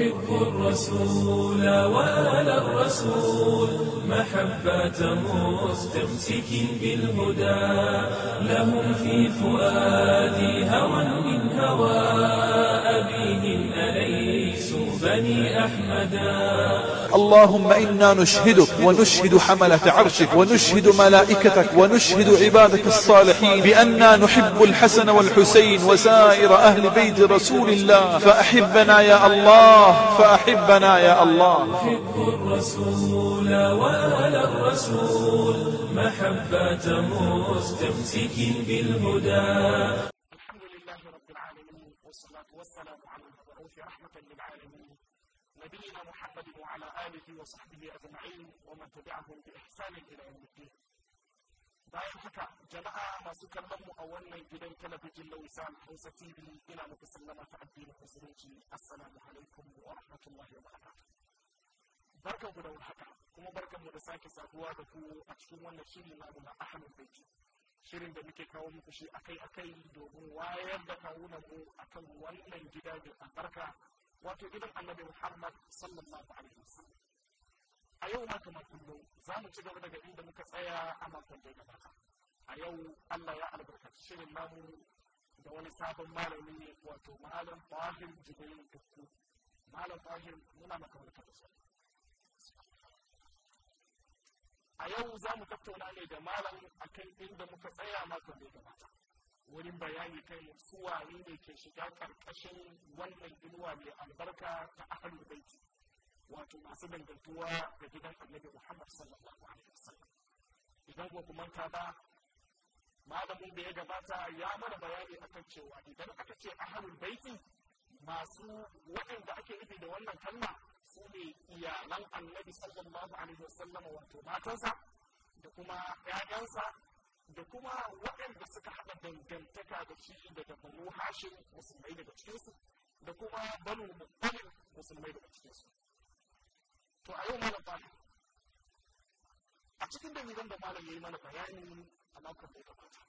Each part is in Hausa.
يحب الرسول وآل الرسول محبة مستمسك بالهدى لهم في فؤادي هوى من هواه أحمدا اللهم إنا نشهدك ونشهد حملة عرشك ونشهد ملائكتك ونشهد عبادك الصالحين بأننا نحب الحسن والحسين وسائر أهل بيت رسول الله فأحبنا يا الله فأحبنا يا الله أحب الرسول وأهل الرسول محبة مستمسك بالهدى نبينا محمد وعلى آله وصحبه أجمعين ومن تبعهم بإحسان إلى يوم الدين bayan haka jama'a masu kallon mu a wannan gidan talabijin na wisan hausa tv ina muku sallama ta addinin musulunci assalamu alaikum wa rahmatullahi wa barakatuh barkan ku da warhaka kuma barkan mu da sake saduwa da ku a cikin wannan shirin namu na ahlul baiti shirin da muke kawo muku shi akai akai domin wayar da kawunan mu akan wannan gida mai albarka wato annabi Muhammad sallallahu alaihi wasallam a yau ma kamar kullum za mu ci gaba daga inda muka tsaya a makon da gabata a yau Allah ya albarkaci shirin namu da wani sabon malami wato malam Fahim Jibril Dukku malam Fahim muna maka barka da a yau za mu tattauna ne da malam akan inda muka tsaya makon da gabata wurin bayani kan suwa ne ke shiga karkashin wannan inuwa mai albarka ta ahlul baiti wato masu dangantuwa da gidan annabi muhammad sallallahu alaihi wasallam idan ba kuma ta ba malamin da ya gabata ya mana bayani akan cewa idan aka ce ahlul baiti masu waɗanda ake nufi da wannan kalma su ne iyalan annabi sallallahu alaihi wasallam wato matansa da kuma ƴaƴansa da kuma waɗanda suka haɗa dangantaka da shi daga banu hashin musulmai daga cikinsu da kuma banu mutalib musulmai daga cikinsu to a yau malam fahim a cikin dalilan da malam ya yi mana bayani a makon da ya gabata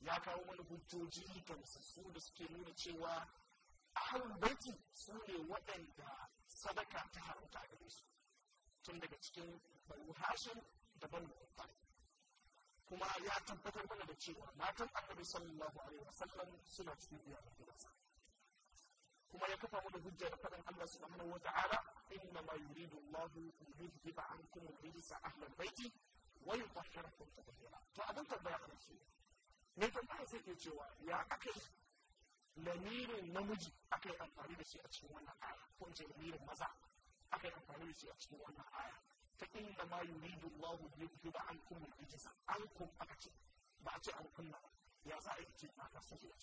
ya kawo mana hujjoji da musassu da suke nuna cewa a hannun baiti su ne waɗanda sadaka ta haɗu a gare su tun daga cikin banu hashin da banu mutalib kuma ya tabbatar mana da cewa matan annabi sallallahu alaihi wasallam suna cikin iyalan gidansa kuma ya kafa mana hujja da faɗin Allah subhanahu wa ta'ala inna ma yuridu Allahu yuzhiba ankum rijsa ahlal baiti wa yutahhirakum tatheera to abin tambaya a shi ne tambaya sai ke cewa ya akai lamirin namiji akai amfani da shi a cikin wannan aya ko in ce lamirin maza akai amfani da shi a cikin wannan aya فإنما يريد الله ليذهب عنكم الرجس عنكم أكتب بعد أن كنا يا زعيم كيف ما كسر يا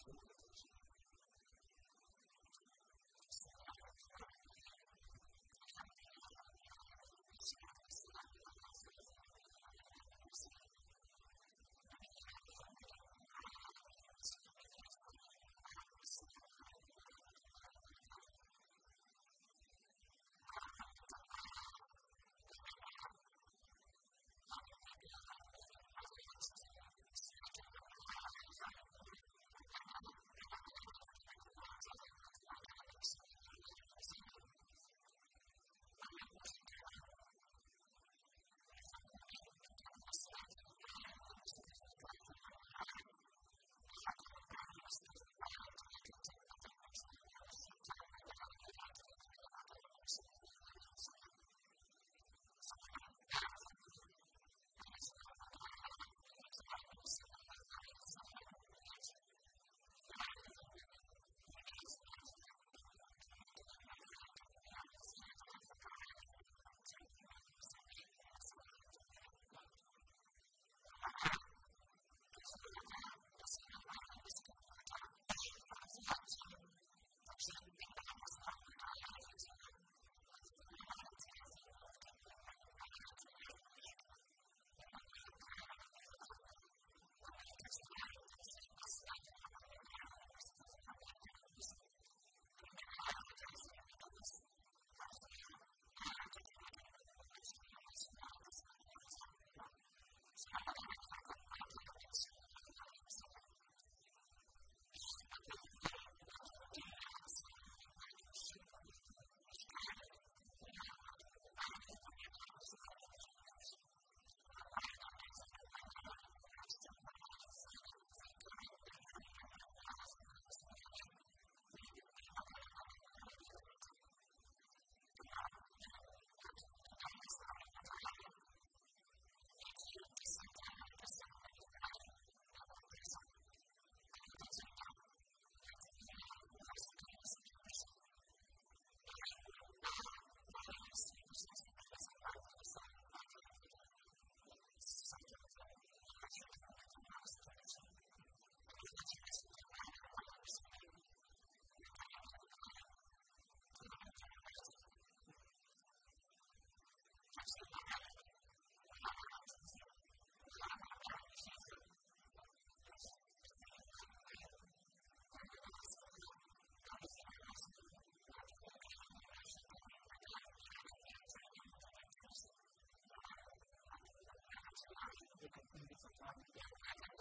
よろしくお願いします。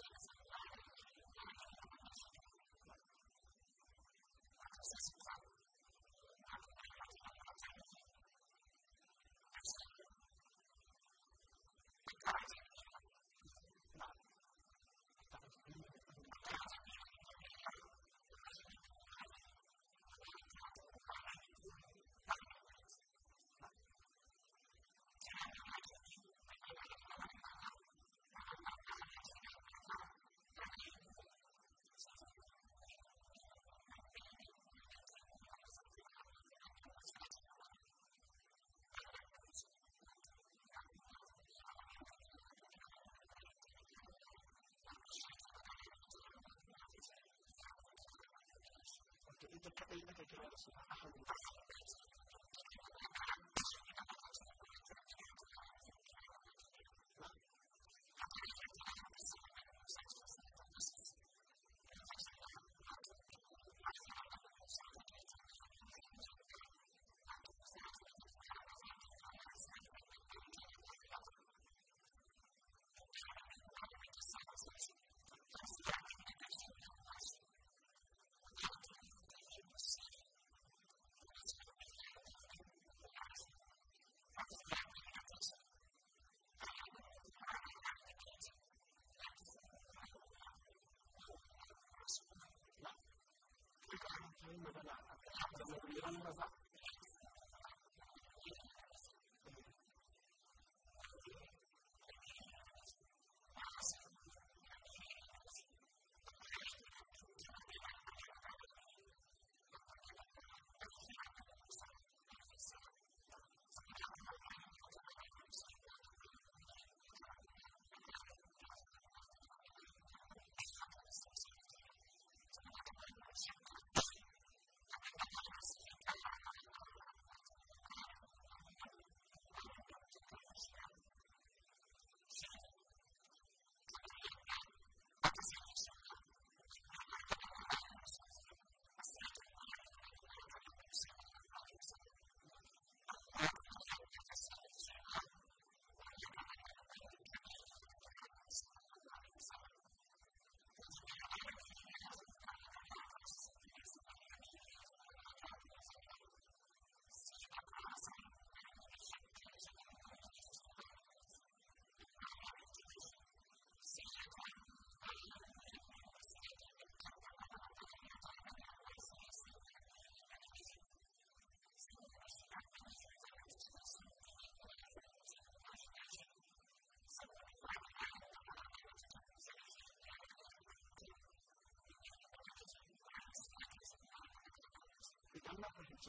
que tenemos Gracias.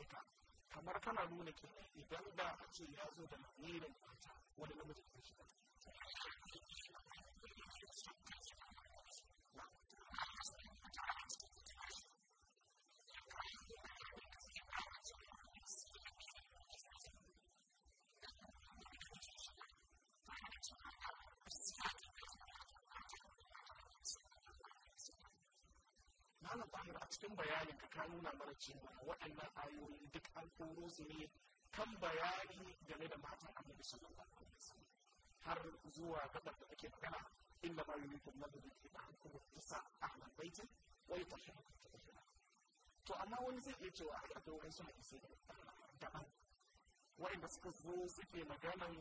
cika kamar kana nuna ke idan da a da lamirin mata cikin bayanin ka ka nuna mana cewa waɗannan ayoyi duk an koro su ne kan bayani game da matan annabi sallallahu alaihi wasallam har zuwa gabar da take magana inna ma da lahu bi ta'akum a nan baiti wai ta shi to amma wani zai iya cewa a da wani suna isa daban da suka zo suke maganan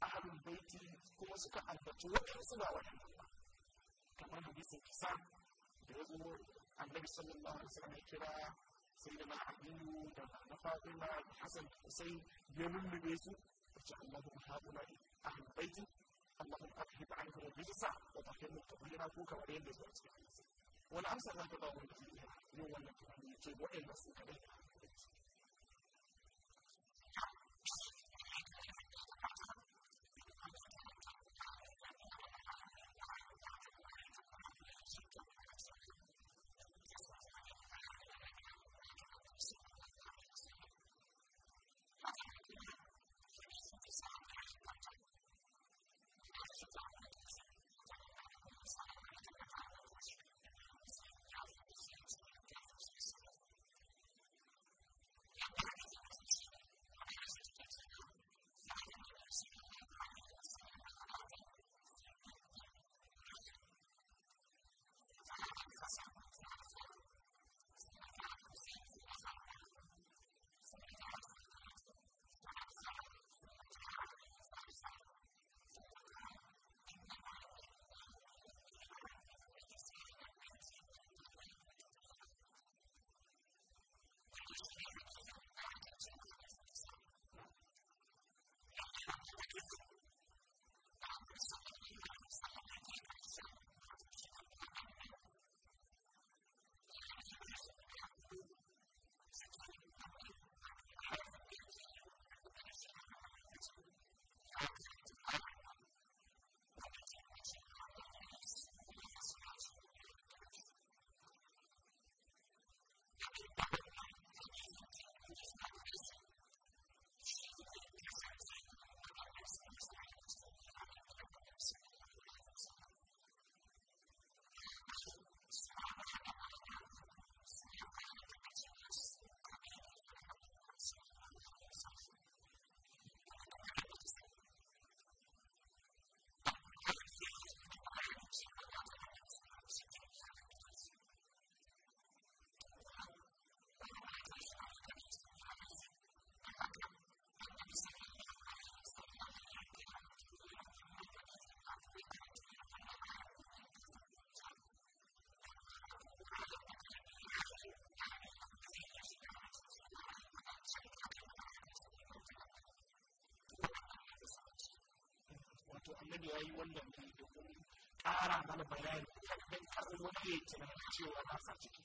halin baiti kuma suka ambaci waɗansu ba waɗannan ba kamar hadisin kisa da ya zo النبي صلى الله عليه وسلم الكرام سيدنا علي فاطمة الحسن والحسين يمن بيسو اللهم هؤلاء أهل بيته اللهم أذهب عنه الرجس وطهرهم تطهيرا فوك وإلى الزوج والأمس لا تضاوي يوم القيامة وإلى سنك coming back. to annabi ya yi wannan ne domin ƙara mana bayani kan wani ya tunanin cewa na sa ciki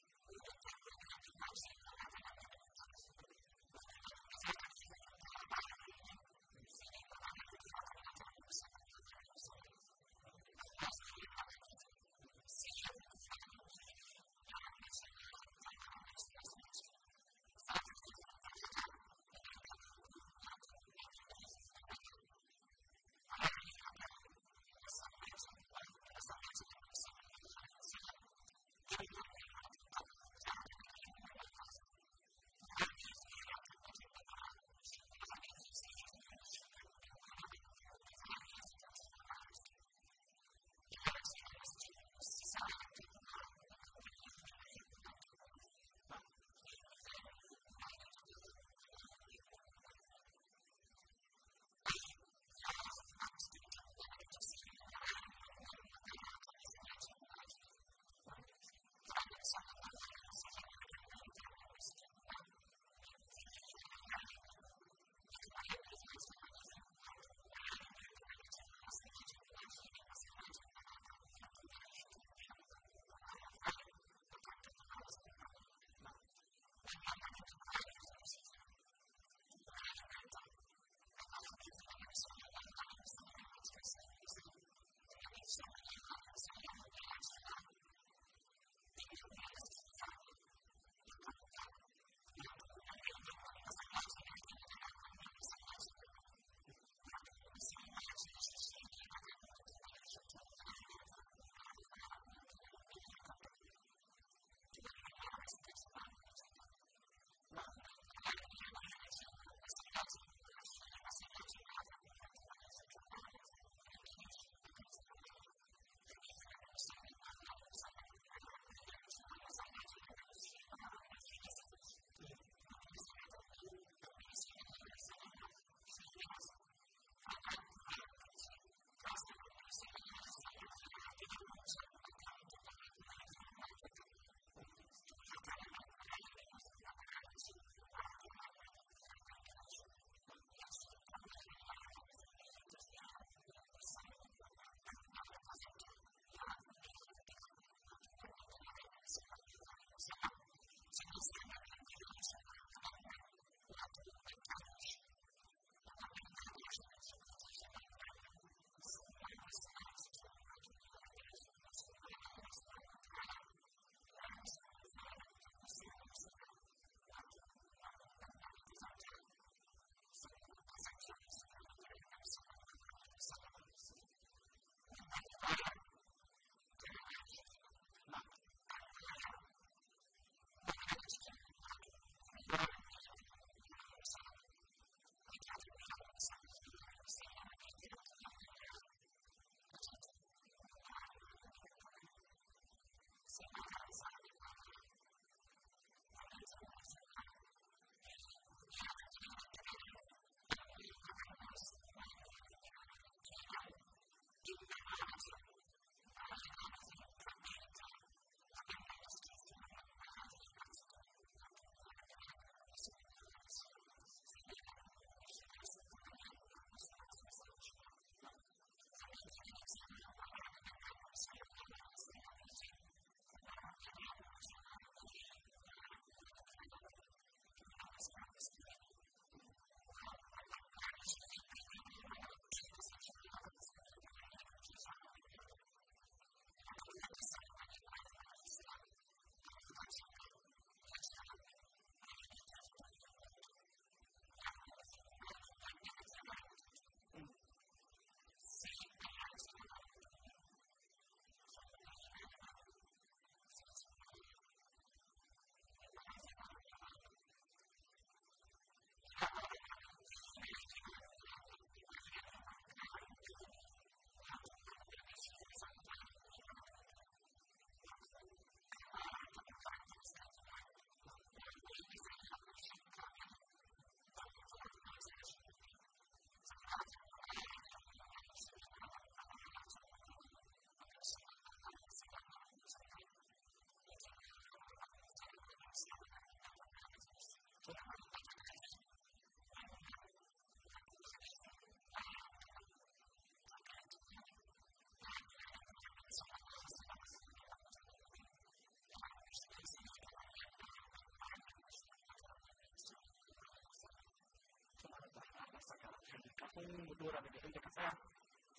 akwai dora daga inda ka tsaya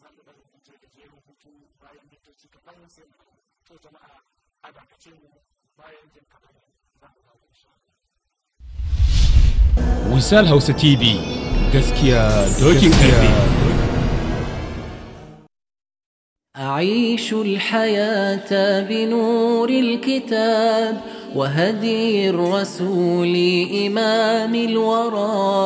za mu ɗan hutu da jerin hutu bayan mintoci kaɗan sai mu to jama'a a dakace mu bayan jin kaɗan za mu dawo insha Wisal Hausa TV gaskiya dokin karfi. أعيش الحياة بنور الكتاب وهدي الرسول إمام الورى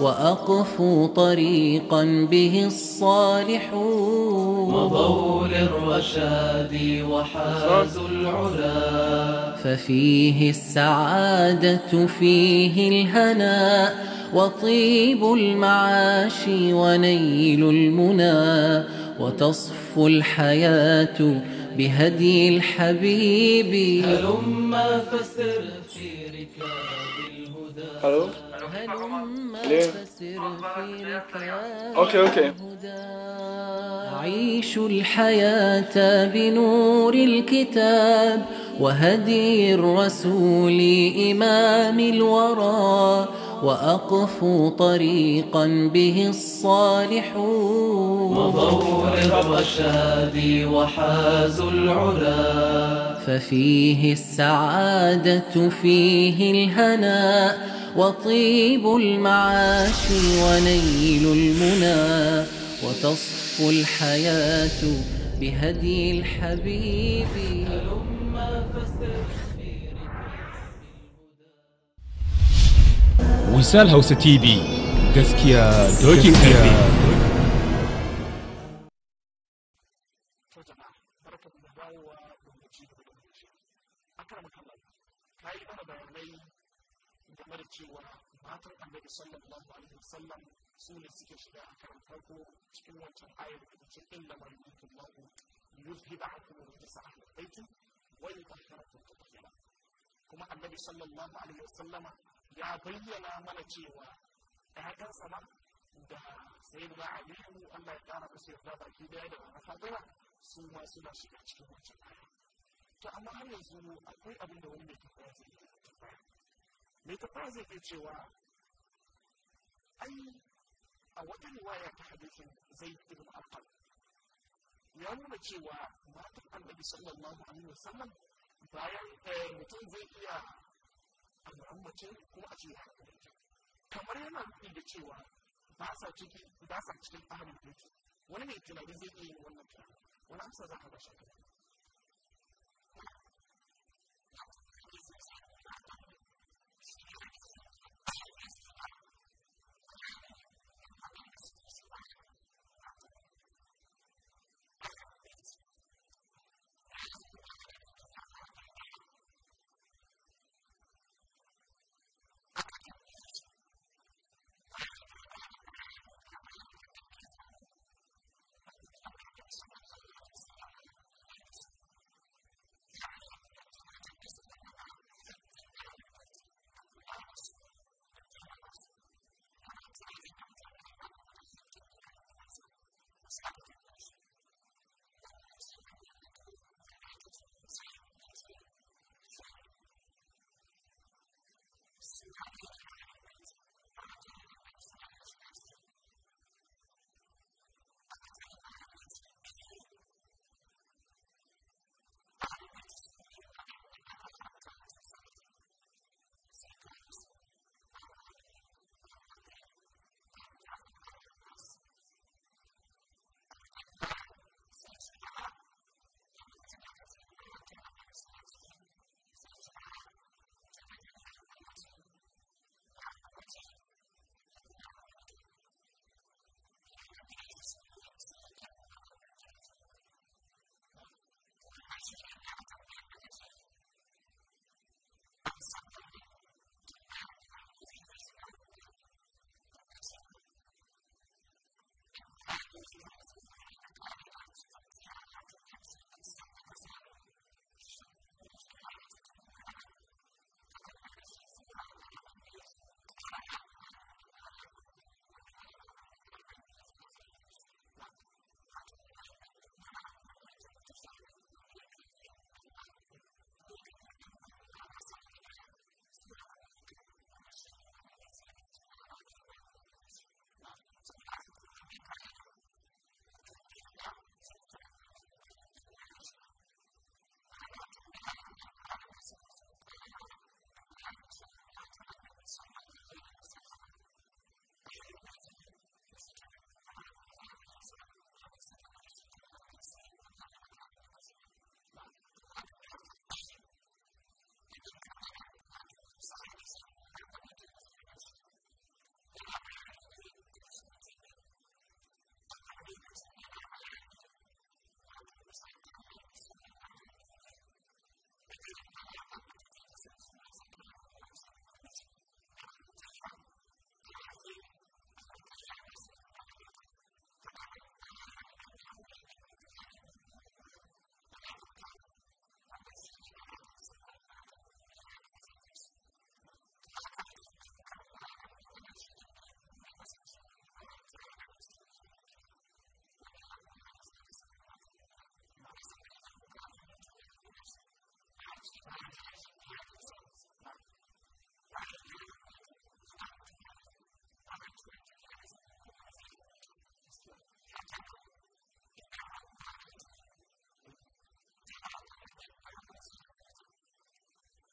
وأقفوا طريقا به الصالحون مضوا للرشاد وحازوا العلا ففيه السعادة فيه الهناء وطيب المعاش ونيل المنى وتصفو الحياة بهدي الحبيب هلما فسر في ركاب الهدى اوكي اوكي عيش الحياة بنور الكتاب وهدي الرسول إمام الورى وأقف طريقا به الصالحون مضوا للرشاد وحازوا العلا ففيه السعادة فيه الهناء وطيب المعاش ونيل المنى وتصفو الحياة بهدي الحبيب وسالها فاستغفر وسال هوسة تي بي gaskiya dokin صلى الله عليه wasallam su ne suke shiga a karan farko cikin wancan ayar da ce inna ma yuridu Allahu yuzhiba ankum rijsa ahli baiti wa yutahhirakum tatheera kuma annabi sallallahu alaihi wasallama ya bayyana mana cewa ƴaƴan sama da sayyidina aliyu Allah ya kara masa yarda baki daya da mama fatima su ma suna shiga cikin wancan ayar to amma har yanzu akwai abin da wani mai tafiya zai yi mai tafiya zai iya cewa ai a wata riwaya ta hadisin zai ibn arqam ya nuna cewa matan annabi sallallahu alaihi wasallam bayan eh, mutum zai iya al'ammace ko a ce ya kamar yana nufi da cewa ba sa ciki ba sa cikin ahlul baiti wani mai tunani zai iya yin wannan tunani wani amsa za ka ba shi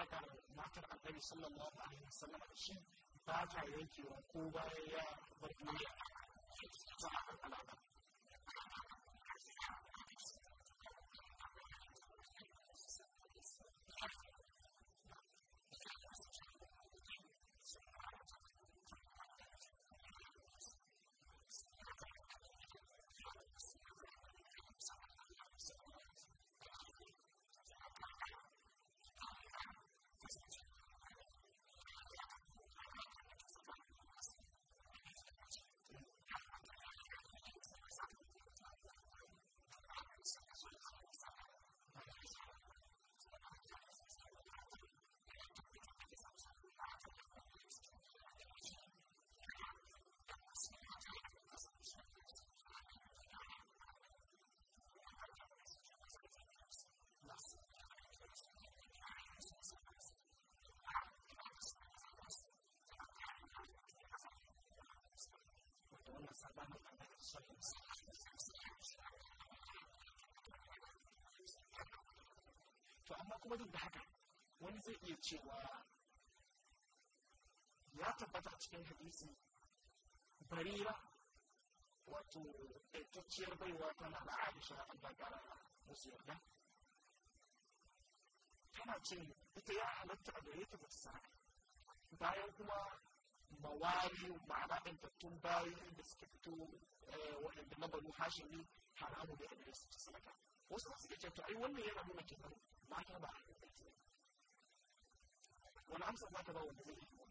da matar annabi sallallahu alaihi wasallam shi ba ta yankewa ko bayan ya bar duniya to amma kuma duk da haka wani zai iya cewa ya tabbata a cikin hadisi barira wato ɗaitacciyar baiwa tana da aisha Allah ƙara musu yarda tana ce ita ya halatta a gare ta bata sana bayan kuma mawari ma'ana ɗantattun bayi da suke fito waɗanda na banu hashimi haramu da yadda su ci sadaka wasu za su iya cewa ai wannan yana nuna kenan not going to When I'm so lucky, I'm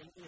Thank you.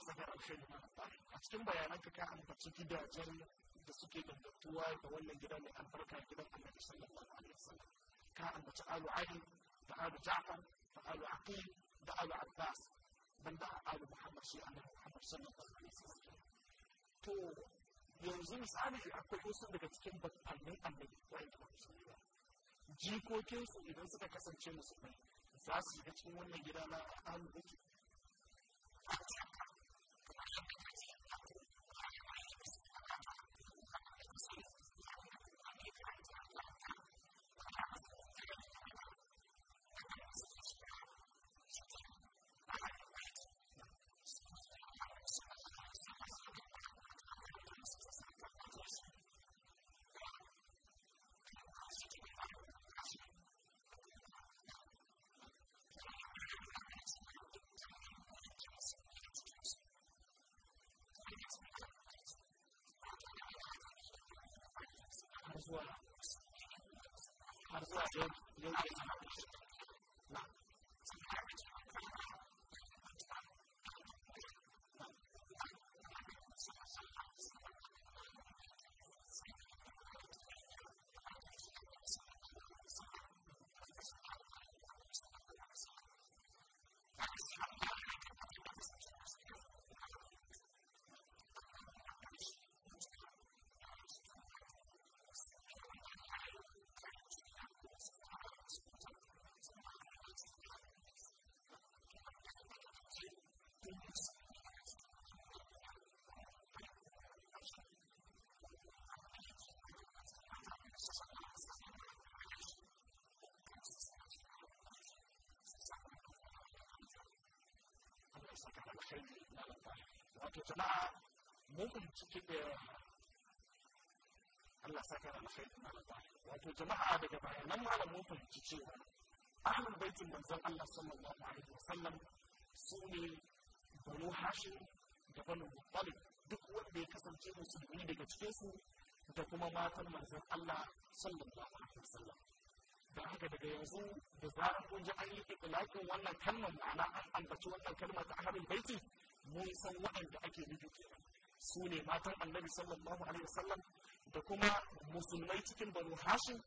saka alkhairi na a cikin bayanan ka ambaci gidajen da suke da dangantuwa da wannan gida mai albarka gidan annabi sallallahu alaihi wasallam ka an ambaci alu ali da alu ja'far da alu aqil da alu abbas da alu muhammad shi annabi muhammad sallallahu alaihi wasallam to yanzu misali akwai wasu daga cikin bakannin annabi wanda ba musulmi ba jikokinsu idan suka kasance musulmai za su shiga cikin wannan gida na alu saka da alkhairi na labari wato jama'a mun fahimci kiɗa Allah saka da alkhairi na labari wato jama'a daga bayanan malam mun fahimci cewa ahlul baitin manzon Allah sallallahu alaihi wasallam su ne banu hashim da banu muttalib duk wanda ya kasance musulmi daga cikinsu da kuma matan manzon Allah sallallahu alaihi wasallam don haka daga yanzu da zarar kun ji an yi itilakin wannan kalmar ma'ana an ambaci wannan kalma ta ahlul baiti mun san waɗanda ake nufi kenan su ne matan annabi sallallahu alaihi wasallam da kuma musulmai cikin banu hashim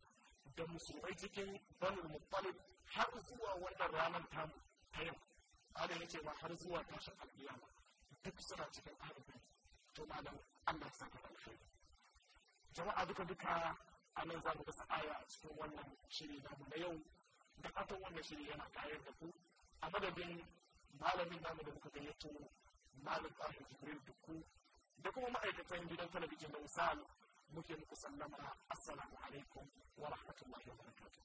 da musulmai cikin banu muttalib har zuwa wannan ranar tamu ta yau Allah yake ma har zuwa tashin alƙiyama duk suna cikin ahlul baiti to malam Allah ya saka alkhairi jama'a duka duka anan zamu za mu gasa aya cikin wannan shiri mu na yau da fatan wannan shiri yana tayar da ku a madadin malamin namu da muka gayyato malam tahir jibril dukku da kuma ma'aikatan gidan talabijin da misali muke muku sallama assalamu alaikum wa rahmatullahi wa barakatuh